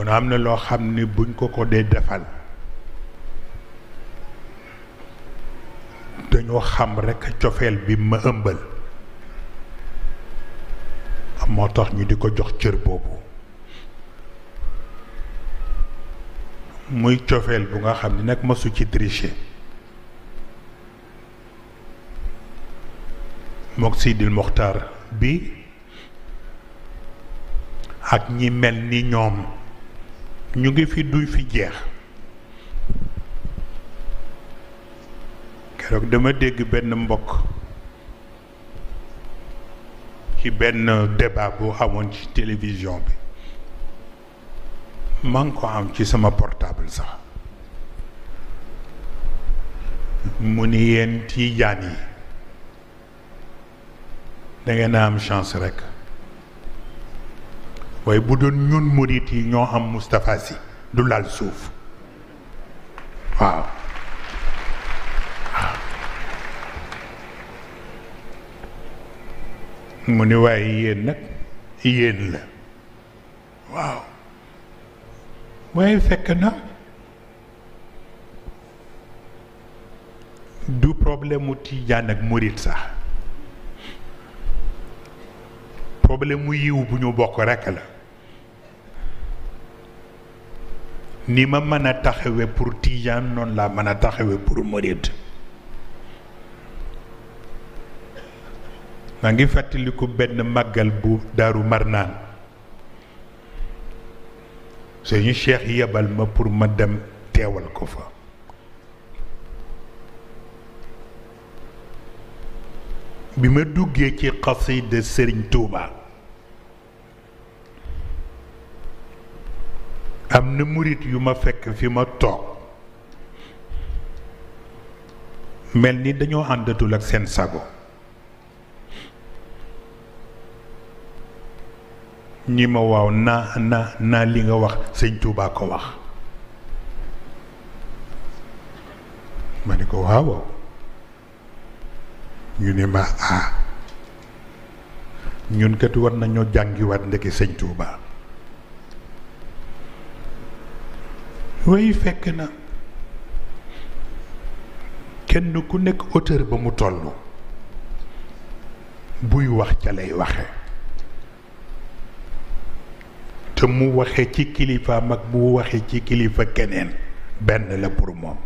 kon am na loo xam ni buñ ko ko dee defal dañoo xam rekk cofeel bi ma ëmbal moo tax ñu di ko jox cër boobu muy cofeel bu nga xam ni nag masu ci tricher mook Sidil Moxtaar bi ak ñi mel ni ñoom ñu ngi fi duy fi jeex keroog dama dégg benn mbokk ci benn débat bu amoon ci télévision bi maa ngi ko am ci sama portable sax mu ni yéen tiijaan yi dangeen a am chance rekk waaye bu doon ñun murit yi ñoo am Moustapha Sy du laal suuf waaw mu ni waaye yéen nag yéen la waaw waaye fekk na du problème mu tijaan ak murit sax problème mu yiw bu ñu bokk rekk la ni ma mën a taxawe pour tiijan noonu laa mën a taxawe pour murid maa ngi fàttaliku benn màggal bu daaru marnaan suñu cheikh yebal ma pour ma dem teewal ko fa bi ma duggee ci xasida sëriñ Tuuba am na murit yu ma fekk fi ma toog mel ni dañoo àndatul ak seen sago ñi ma waaw naa naa naa li nga wax sëñ Tuubaa ko wax ma ni ko waaw ñu ne ma ah ñun kat war nañoo jàngiwaat ndeke sëñ Tuubaa way fekk na kenn ku nekk auteur ba mu toll buy wax ca lay waxe te mu waxe ci kilifa mag mu waxe ci kilifa keneen benn la pour moom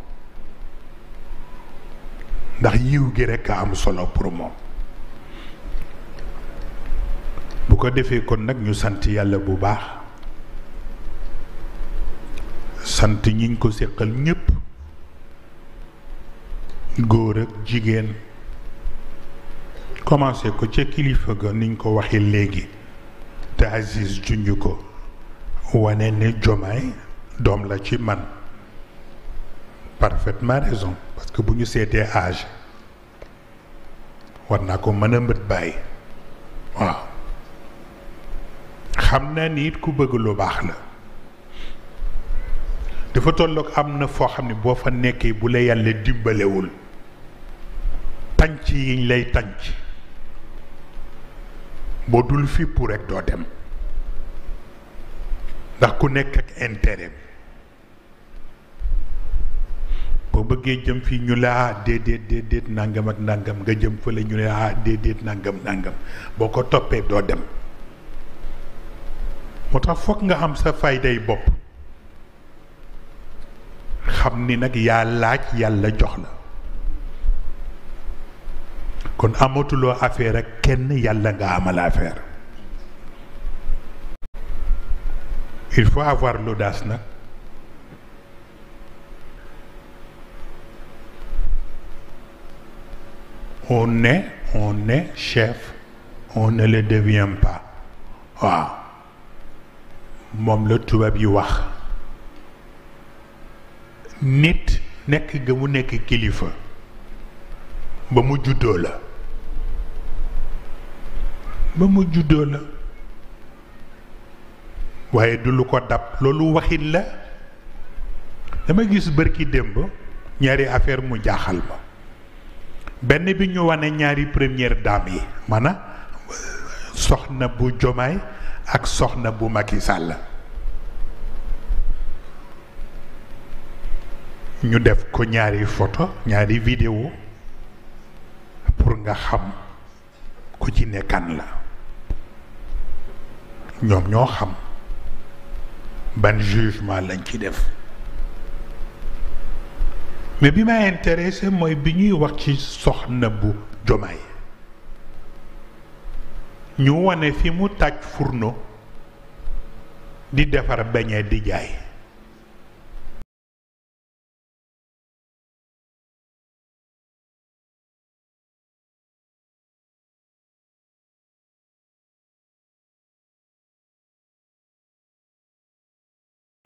ndax yiw gi rekk a am solo pour moom bu ko defee kon nag ñu sant yàlla bu baax sant ñiñ ko séqal ñépp góor ak jigéen commencé ko ca kilifa ga niñ ko waxee léegi te Aziz junj ko wane ne jomaay doom la ci man parfaitement raison parce que bu ñu seetee age war naa ko mën a mbët bàyyi waaw xam na ni it ku bëgg lu baax la dafa tollook am na foo xam ne boo fa nekkee bu la yàlla dimbalewul tànc yiñ lay tànc boo dul fippu rekk doo dem ndax ku nekk ak intérêt boo bëggee jëm fi ñu la ah déedéet déedéet nangam ak nangam nga jëm fële ñu la ah déedéet nangam nangam boo ko toppee doo dem moo tax foog nga am sa fayday bopp. xam ni nag yaa laaj yàlla jox la kon amatuloo affaire kenn yàlla nga amal affaire il faut avoir l'audace nag on est chef on le devient pas waaw moom la tubaab yi wax nit nekk ga mu nekk kilifa ba mu juddoo la ba mu juddoo la waaye du lu ko dab loolu waxit la dama gis bërki démb ñaari affaire mu jaaxal ma benn bi ñu wane ñaari première dame yi maanaam soxna bu Jomaay ak soxna bu Macky Sall ñu def ko ñaari photo ñaari vidéo pour nga xam ku ci nekkan la ñoom ñoo xam ban jugement lañ ci def mais bi ma intéressé mooy bi ñuy wax ci soxna bu jomaay ñu wone fi mu tàj furno di defar beñe di jaay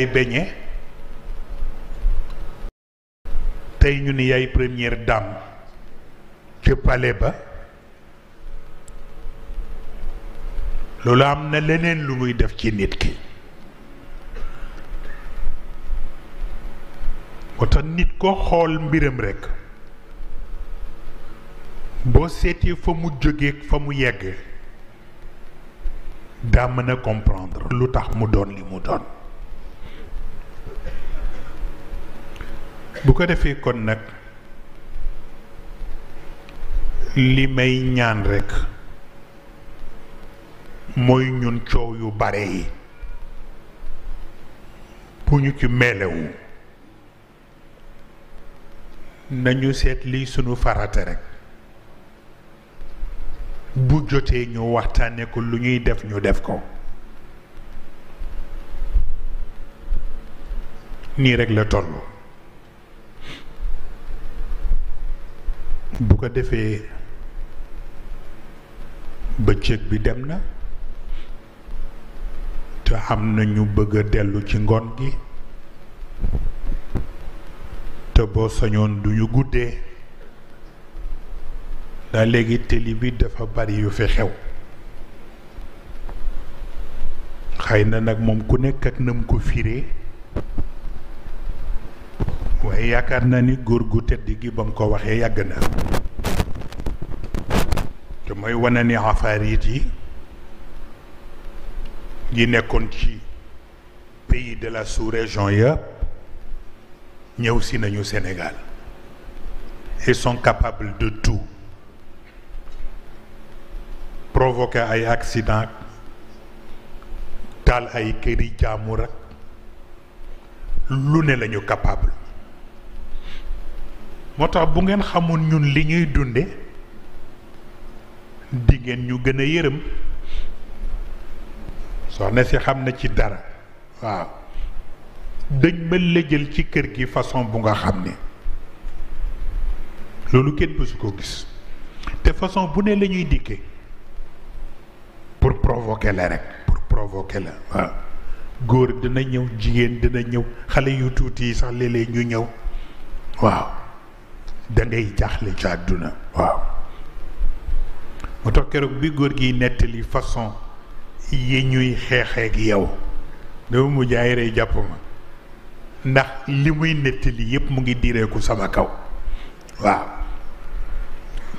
ay tey ñu ni yaay première dàmm te ba loolu am na leneen lu muy def ci nit ki moo nit ko xool mbiram rekk boo seetee fa mu jógee fa mu yegg daa na comprendre lu tax mu doon li mu doon bu ko defee kon nag li may ñaan rekk mooy ñun coow yu bare yi bu ñu ci meelewu nañu seet lii sunu farata rekk bu jotee ñu waxtaane ko lu ñuy def ñu def ko nii rekk la tollu bu ko defee bëccëg bi dem na te am na ñu bëgg a dellu ci ngoon gi te boo sañoon du ñu guddee ndax léegi télé bi dafa bari yu fi xew xëy na nag moom ku nekk ak nam ko firee waaye yaakaar naa ni góor gu tedd gi ba mu ko waxee yàgg na te mooy wane ni afaarit yi yi nekkoon ci pays de la sous-région ya ñëw si nañu Sénégal ils sont capables de tout provoquer ay accident taal ay këri jaamur ak lu ne lañu capable moo tax bu ngeen xamoon ñun li ñuy dunde di ñu gën a yërëm soxna si xam na ci dara waaw dañ ma lëjal ci kër gi façon bu nga xam ne loolu kenn mësu ko gis te façon bu ne lañuy dikke pour provoquer la rek pour provoquer la waaw góor dina ñëw jigéen dina ñëw xale yu tuuti yi sax léeg ñu ñëw waaw da ngay jaaxle ca àdduna waaw moo tax keroog bi góor gi nettali façon yi ñuy xeexeek yow dama mujj ay rey jàpp ma ndax li muy nettali yépp mu ngi diireeku sama kaw waaw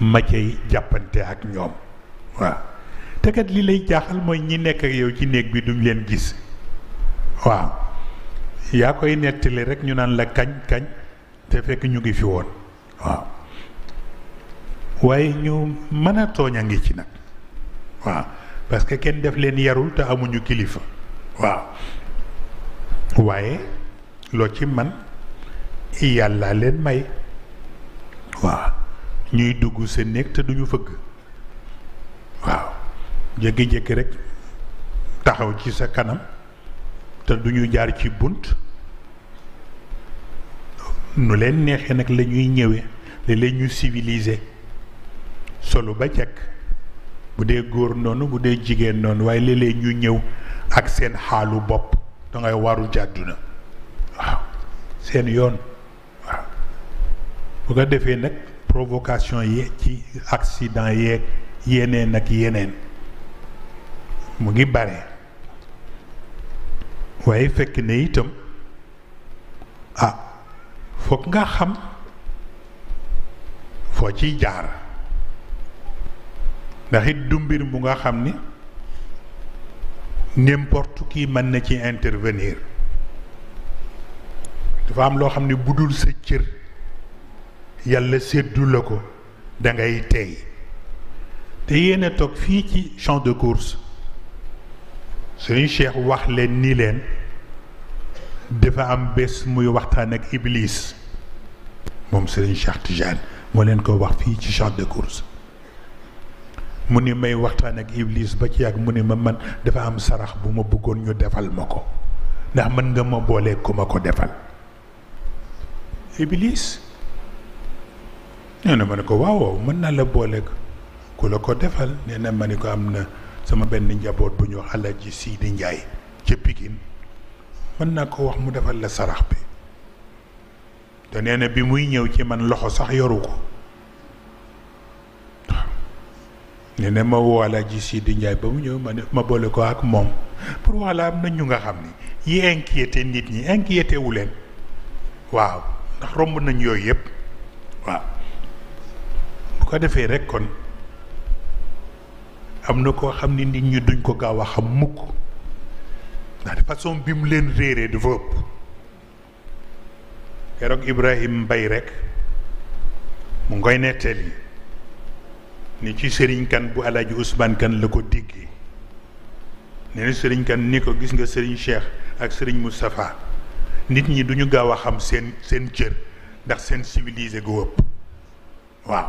ma cay jàppante ak ñoom waaw te li lay jaaxal mooy ñi nekk ak yow ci néeg bi duñ leen gis waaw yaa koy nettali rek ñu naan la kañ kañ te fekk ñu ngi fi woon waaw waaye ñu mën a tooñ a ngi ci nag waaw parce que kenn def leen yarul te amuñu kilifa waaw waaye loo ci man yàlla leen may waaw ñuy dugg sa néeg te duñu fëgg waaw jékki-jékki rek taxaw ci sa kanam te duñu jaar ci bunt nu leen neexee nag lañuy ñëwee li ñu civilisé solo ba jekk bu dee góor noonu bu dee jigéen noonu waaye léeg ñu ñëw ak seen xaalu bopp dangay waru jàddu na waaw seen yoon waaw bu ko defee nag provocation yi ci accident yeeg yeneen ak yeneen mu ngi bare waaye fekk ne itam ah foog nga xam foo ciy jaar ndax du mbir bu nga xam ni n'importe qui mën na ci intervenir dafa am loo xam ne bu dul sa cër yàlla seddu la ko da ngay tey te yéen toog fii ci champ de course suñu cheikh wax leen ni leen dafa am bés muy waxtaan ak iblis moom Serigne Cheikh Tidiane moo leen ko wax fii ci champ de course mu ni may waxtaan ak Iblis ba ci yàgg mu ni ma man dafa am sarax bu ma bëggoon ñu defal ma ko ndax mën nga ma boolee ku ma ko defal Iblis nee na ma ne ko waaw mën naa la booleeg ku la ko defal nee na ma ne ko am na sama benn njaboot bu ñu wax sii Sidi Njaay ca Pikine mën naa ko wax mu defal la sarax bi te nee na bi muy ñëw ci man loxo sax yoru ko nee na ma wala ji Sidi Ndiaye ba mu ñëw ma ne ma boole ko ak moom pour wala am na ñu nga xam ni yi inquiété nit ñi inquiété wu leen waaw ndax romb nañ yooyu yëpp waaw bu ko defee rek kon am na koo xam ni nit ñi duñ ko gaaw a xam mukk ndax de façon bi mu leen réeree dafa ëpp keroog Ibrahim Mbay rek mu ngoy yi nit ci sëriñ kan bu alaaji Ousmane kan la ko diggi nee sëriñkan ni ko gis nga sëriñ Cheikh ak sëriñ Moustapha nit ñi duñu gaaw a xam seen seen cër ndax seen civilisé gu ëpp waaw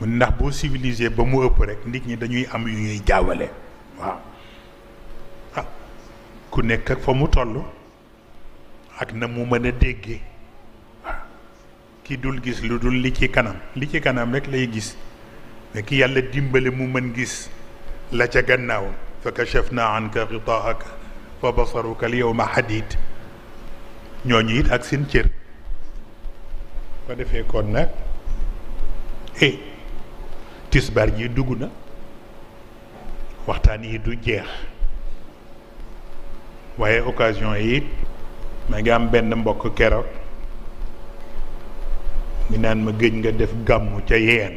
mu ndax boo civilisé ba mu ëpp rek nit ñi dañuy am yu ñuy jaawale waaw ah ku nekk ak fa mu toll ak na mu mën a déggee ki dul gis lu dul li ci kanam li ci kanam rek lay gis mais ki yàlla dimbali mu mën gis la ca gannaawam fa kachafna anka xitaaka fa basaruka al yawma hadid ñooñu it ak seen cër ko defee kon nag e tisbaar ji dugg na waxtaan yi du jeex waaye occasion yi it am benn mbokk keroog ñu naan ma géej nga def gàmmu ca yeen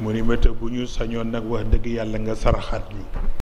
mu ni ma te bu ñu sañoon nag wax dëgg yàlla nga saraxat ñu